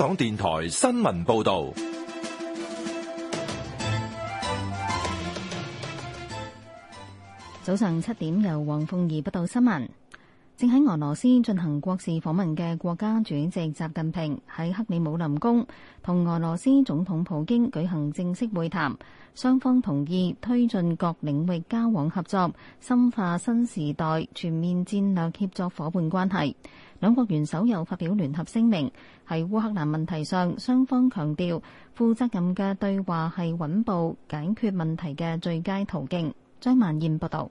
港電台新聞報道。早上七點，由黃鳳儀報道新聞。正喺俄羅斯進行國事訪問嘅國家主席習近平喺克里姆林宮同俄羅斯總統普京舉行正式會談，雙方同意推進各領域交往合作，深化新時代全面戰略協作夥伴關係。兩國元首又發表聯合聲明，喺烏克蘭問題上，雙方強調負責任嘅對話係穩步解決問題嘅最佳途徑。張萬燕報道。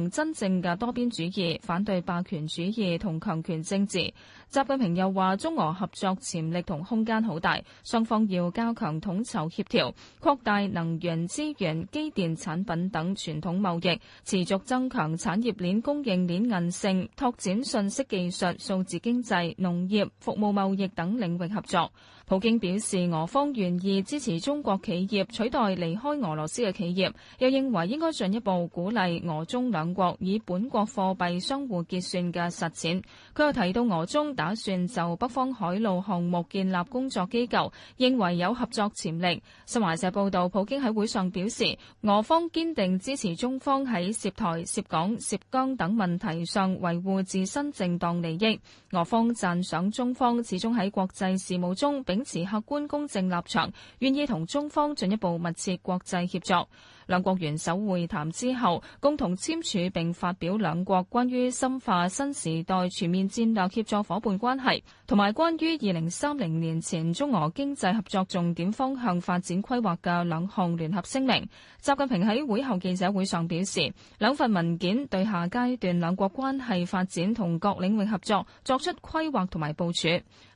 真正嘅多邊主義，反對霸權主義同強權政治。習近平又話中俄合作潛力同空間好大，雙方要加強統籌協調，擴大能源、資源、機電產品等傳統貿易，持續增強產業鏈、供應鏈韌性，拓展信息技術、數字經濟、農業、服務貿易等領域合作。普京表示俄方願意支持中國企業取代離開俄羅斯嘅企業，又認為應該進一步鼓勵俄中兩國以本國貨幣相互結算嘅實踐。佢又提到俄中。打算就北方海路項目建立工作機構，認為有合作潛力。新華社報道，普京喺會上表示，俄方堅定支持中方喺涉台、涉港、涉疆等問題上維護自身正當利益。俄方贊賞中方始終喺國際事務中秉持客觀公正立場，願意同中方進一步密切國際協作。兩國元首會談之後，共同簽署並發表兩國關於深化新時代全面戰略協作夥伴關係，同埋關於二零三零年前中俄經濟合作重點方向發展規劃嘅兩項聯合聲明，習近平喺會後記者會上表示，兩份文件對下階段兩國關係發展同各領域合作作出規劃同埋部署。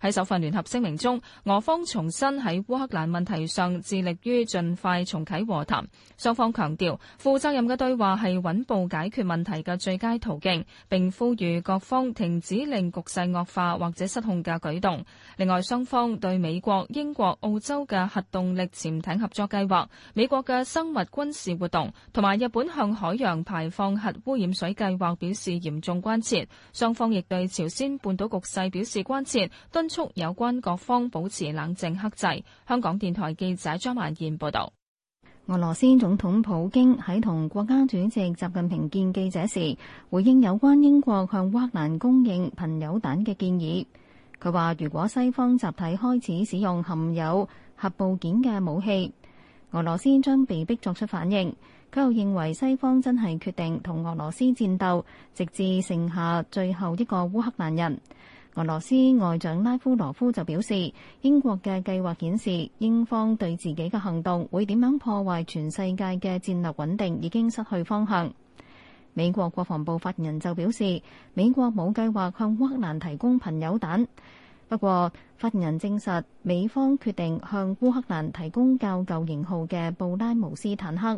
喺首份聯合聲明中，俄方重申喺烏克蘭問題上致力於盡快重啟和談，雙方強調負責任嘅對話係穩步解決問題嘅最佳途徑，並呼籲各方停止令局勢惡化或者失控嘅舉動，另外雙方對美國、英國、澳洲嘅核動力潛艇合作計劃、美國嘅生物軍事活動同埋日本向海洋排放核污染水計劃表示嚴重關切。雙方亦對朝鮮半島局勢表示關切，敦促有關各方保持冷靜克制。香港電台記者張曼燕報導。俄羅斯總統普京喺同國家主席習近平見記者時，回應有關英國向烏克蘭供應貧鈾彈嘅建議。佢話，如果西方集體開始使用含有核部件嘅武器，俄羅斯將被迫作出反應。佢又認為西方真係決定同俄羅斯戰鬥，直至剩下最後一個烏克蘭人。俄羅斯外長拉夫羅夫就表示，英國嘅計劃顯示英方對自己嘅行動會點樣破壞全世界嘅戰略穩定已經失去方向。美國國防部發言人就表示，美國冇計劃向烏克蘭提供朋友彈。不過，發言人證實，美方決定向烏克蘭提供較舊型號嘅布拉姆斯坦克。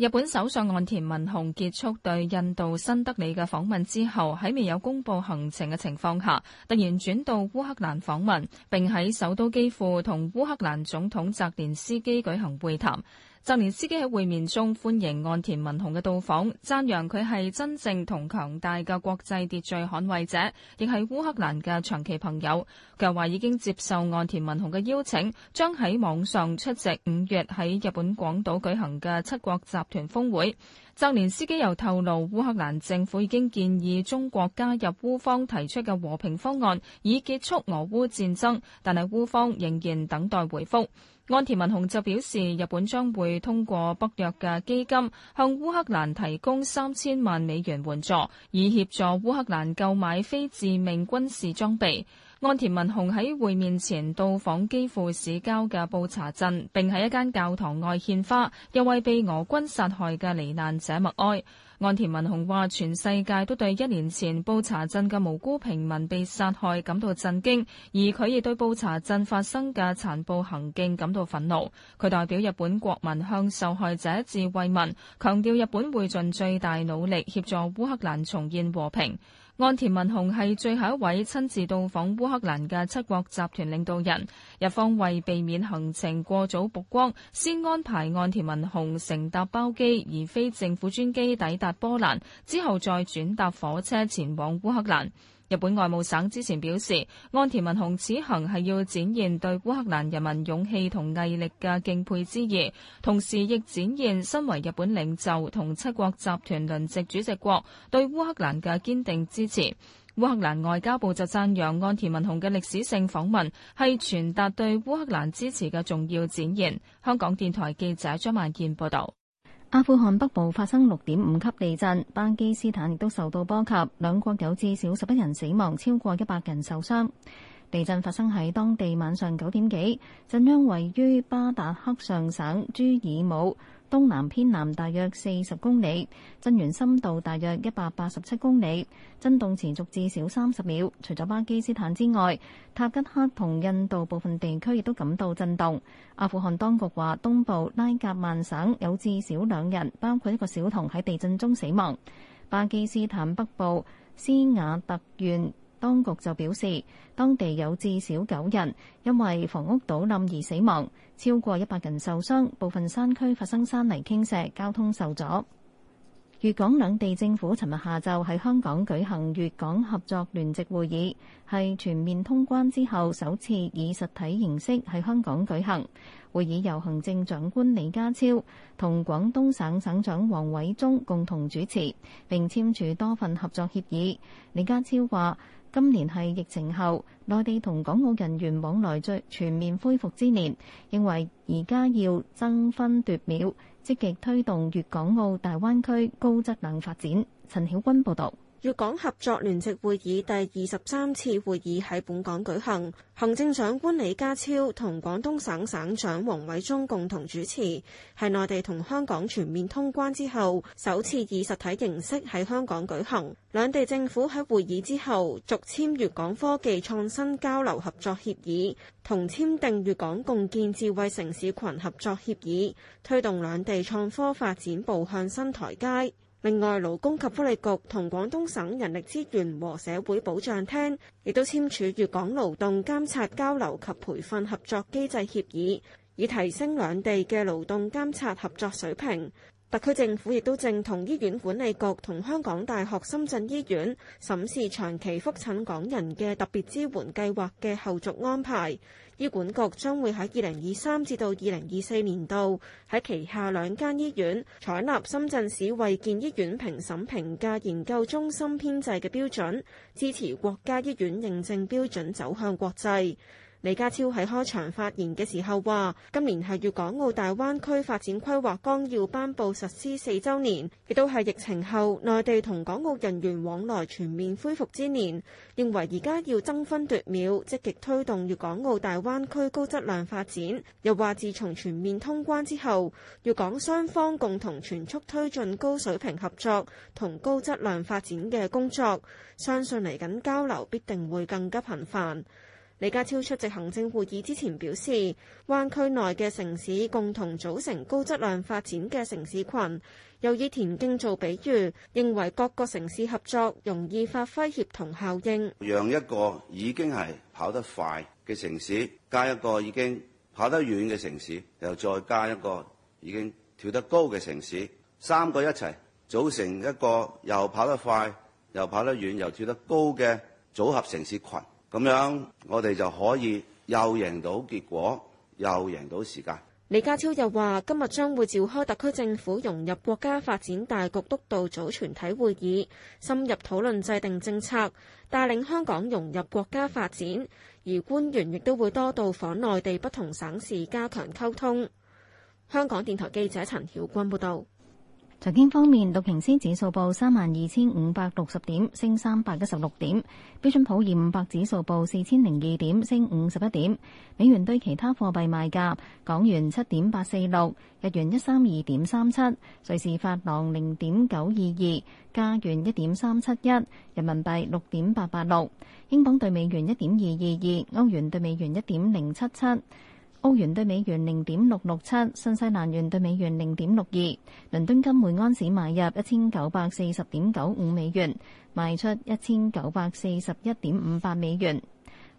日本首相岸田文雄結束對印度新德里嘅訪問之後，喺未有公佈行程嘅情況下，突然轉到烏克蘭訪問，並喺首都基輔同烏克蘭總統澤連斯基舉行會談。澤連斯基喺會面中歡迎岸田文雄嘅到訪，讚揚佢係真正同強大嘅國際秩序捍衛者，亦係烏克蘭嘅長期朋友。佢又話已經接受岸田文雄嘅邀請，將喺網上出席五月喺日本廣島舉行嘅七國集團峰會。澤連斯基又透露，烏克蘭政府已經建議中國加入烏方提出嘅和平方案，以結束俄烏戰爭，但係烏方仍然等待回覆。岸田文雄就表示，日本將會通過北約嘅基金，向烏克蘭提供三千萬美元援助，以協助烏克蘭購買非致命軍事裝備。岸田文雄喺會面前到訪基輔市郊嘅布查鎮，並喺一間教堂外獻花，又為被俄軍殺害嘅罹難者默哀。岸田文雄話：全世界都對一年前布查鎮嘅無辜平民被殺害感到震驚，而佢亦對布查鎮發生嘅殘暴行徑感到憤怒。佢代表日本國民向受害者致慰問，強調日本會盡最大努力協助烏克蘭重現和平。岸田文雄係最後一位親自到訪烏克蘭嘅七國集團領導人。日方為避免行程過早曝光，先安排岸田文雄乘搭包機，而非政府專機抵達波蘭，之後再轉搭火車前往烏克蘭。日本外務省之前表示，岸田文雄此行係要展現對烏克蘭人民勇氣同毅力嘅敬佩之意，同時亦展現身為日本領袖同七國集團輪值主席國對烏克蘭嘅堅定支持。烏克蘭外交部就讚揚岸田文雄嘅歷史性訪問係傳達對烏克蘭支持嘅重要展現。香港電台記者張萬健報道。阿富汗北部發生六點五級地震，巴基斯坦亦都受到波及，兩國有至少十一人死亡，超過一百人受傷。地震發生喺當地晚上九點幾，震央位於巴達克上省朱爾姆東南偏南大約四十公里，震源深度大約一百八十七公里，震動持續至少三十秒。除咗巴基斯坦之外，塔吉克同印度部分地區亦都感到震動。阿富汗當局話，東部拉格曼省有至少兩人，包括一個小童喺地震中死亡。巴基斯坦北部斯瓦特縣。當局就表示，當地有至少九人因為房屋倒冧而死亡，超過一百人受傷，部分山區發生山泥傾瀉，交通受阻。粵港兩地政府尋日下晝喺香港舉行粵港合作聯席會議，係全面通關之後首次以實體形式喺香港舉行。會議由行政長官李家超同廣東省省，省長王偉中共同主持，並簽署多份合作協議。李家超話：今年係疫情後，內地同港澳人員往來最全面恢復之年，認為而家要爭分奪秒，積極推動粵港澳大灣區高質量發展。陳曉君報道。粵港合作聯席會議第二十三次會議喺本港舉行，行政長官李家超同廣東省省長王偉中共同主持，係內地同香港全面通關之後首次以實體形式喺香港舉行。兩地政府喺會議之後續簽粵港科技創新交流合作協議同簽訂粵港共建智慧城市群合作協議，推動兩地創科發展步向新台階。另外，勞工及福利局同廣東省人力資源和社會保障廳亦都簽署粵港勞動監察交流及培訓合作機制協議，以提升兩地嘅勞動監察合作水平。特區政府亦都正同醫院管理局同香港大學深圳醫院審視長期覆診港人嘅特別支援計劃嘅後續安排。醫管局將會喺二零二三至到二零二四年度喺旗下兩間醫院採納深圳市衞健醫院評審評價研究中心編製嘅標準，支持國家醫院認證標準走向國際。李家超喺開場發言嘅時候話：今年係粵港澳大灣區發展規劃綱要頒布實施四週年，亦都係疫情後內地同港澳人員往來全面恢復之年。認為而家要爭分奪秒，積極推動粵港澳大灣區高質量發展。又話：自從全面通關之後，粵港雙方共同全速推進高水平合作同高質量發展嘅工作，相信嚟緊交流必定會更加頻繁。李家超出席行政會議之前表示，灣區內嘅城市共同組成高質量發展嘅城市群，又以田徑做比喻，認為各個城市合作容易發揮協同效應，讓一,一個已經係跑得快嘅城市，加一個已經跑得遠嘅城市，又再加一個已經跳得高嘅城市，三個一齊組成一個又跑得快又跑得遠又跳得高嘅組合城市群。咁樣，我哋就可以又贏到結果，又贏到時間。李家超又話，今日將會召開特區政府融入國家發展大局督導組全體會議，深入討論制定政策，帶領香港融入國家發展。而官員亦都會多到訪內地不同省市，加強溝通。香港電台記者陳曉君報導。財經方面，道瓊斯指數報三萬二千五百六十點，升三百一十六點，標準普爾五百指數報四千零二點，升五十一點。美元對其他貨幣賣價，港元七點八四六，日元一三二點三七，瑞士法郎零點九二二，加元一點三七一，人民幣六點八八六，英鎊兌美元一點二二二，歐元兌美元一點零七七。歐元對美元零點六六七，新西蘭元對美元零點六二，倫敦金每安士買入一千九百四十點九五美元，賣出一千九百四十一點五八美元。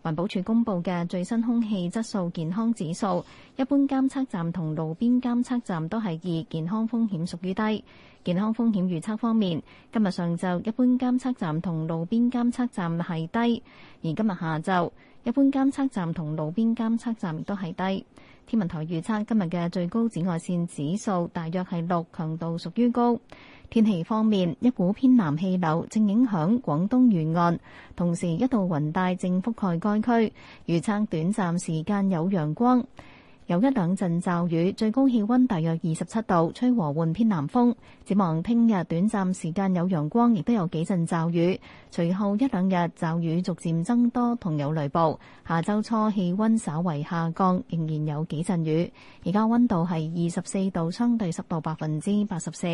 環保署公布嘅最新空氣質素健康指數，一般監測站同路邊監測站都係二，健康風險屬於低。健康風險預測方面，今日上晝一般監測站同路邊監測站係低，而今日下晝一般監測站同路邊監測站都係低。天文台預測今日嘅最高紫外線指數大約係六，強度屬於高。天氣方面，一股偏南氣流正影響廣東沿岸，同時一道雲帶正覆蓋該區，預測短暫時間有陽光。有一兩陣驟雨，最高氣溫大約二十七度，吹和緩偏南風。展望聽日短暫時間有陽光，亦都有幾陣驟雨，隨後一兩日驟雨逐漸增多同有雷暴。下週初氣溫稍為下降，仍然有幾陣雨。而家溫度係二十四度，相對濕度百分之八十四。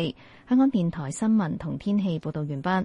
香港電台新聞同天氣報道完畢。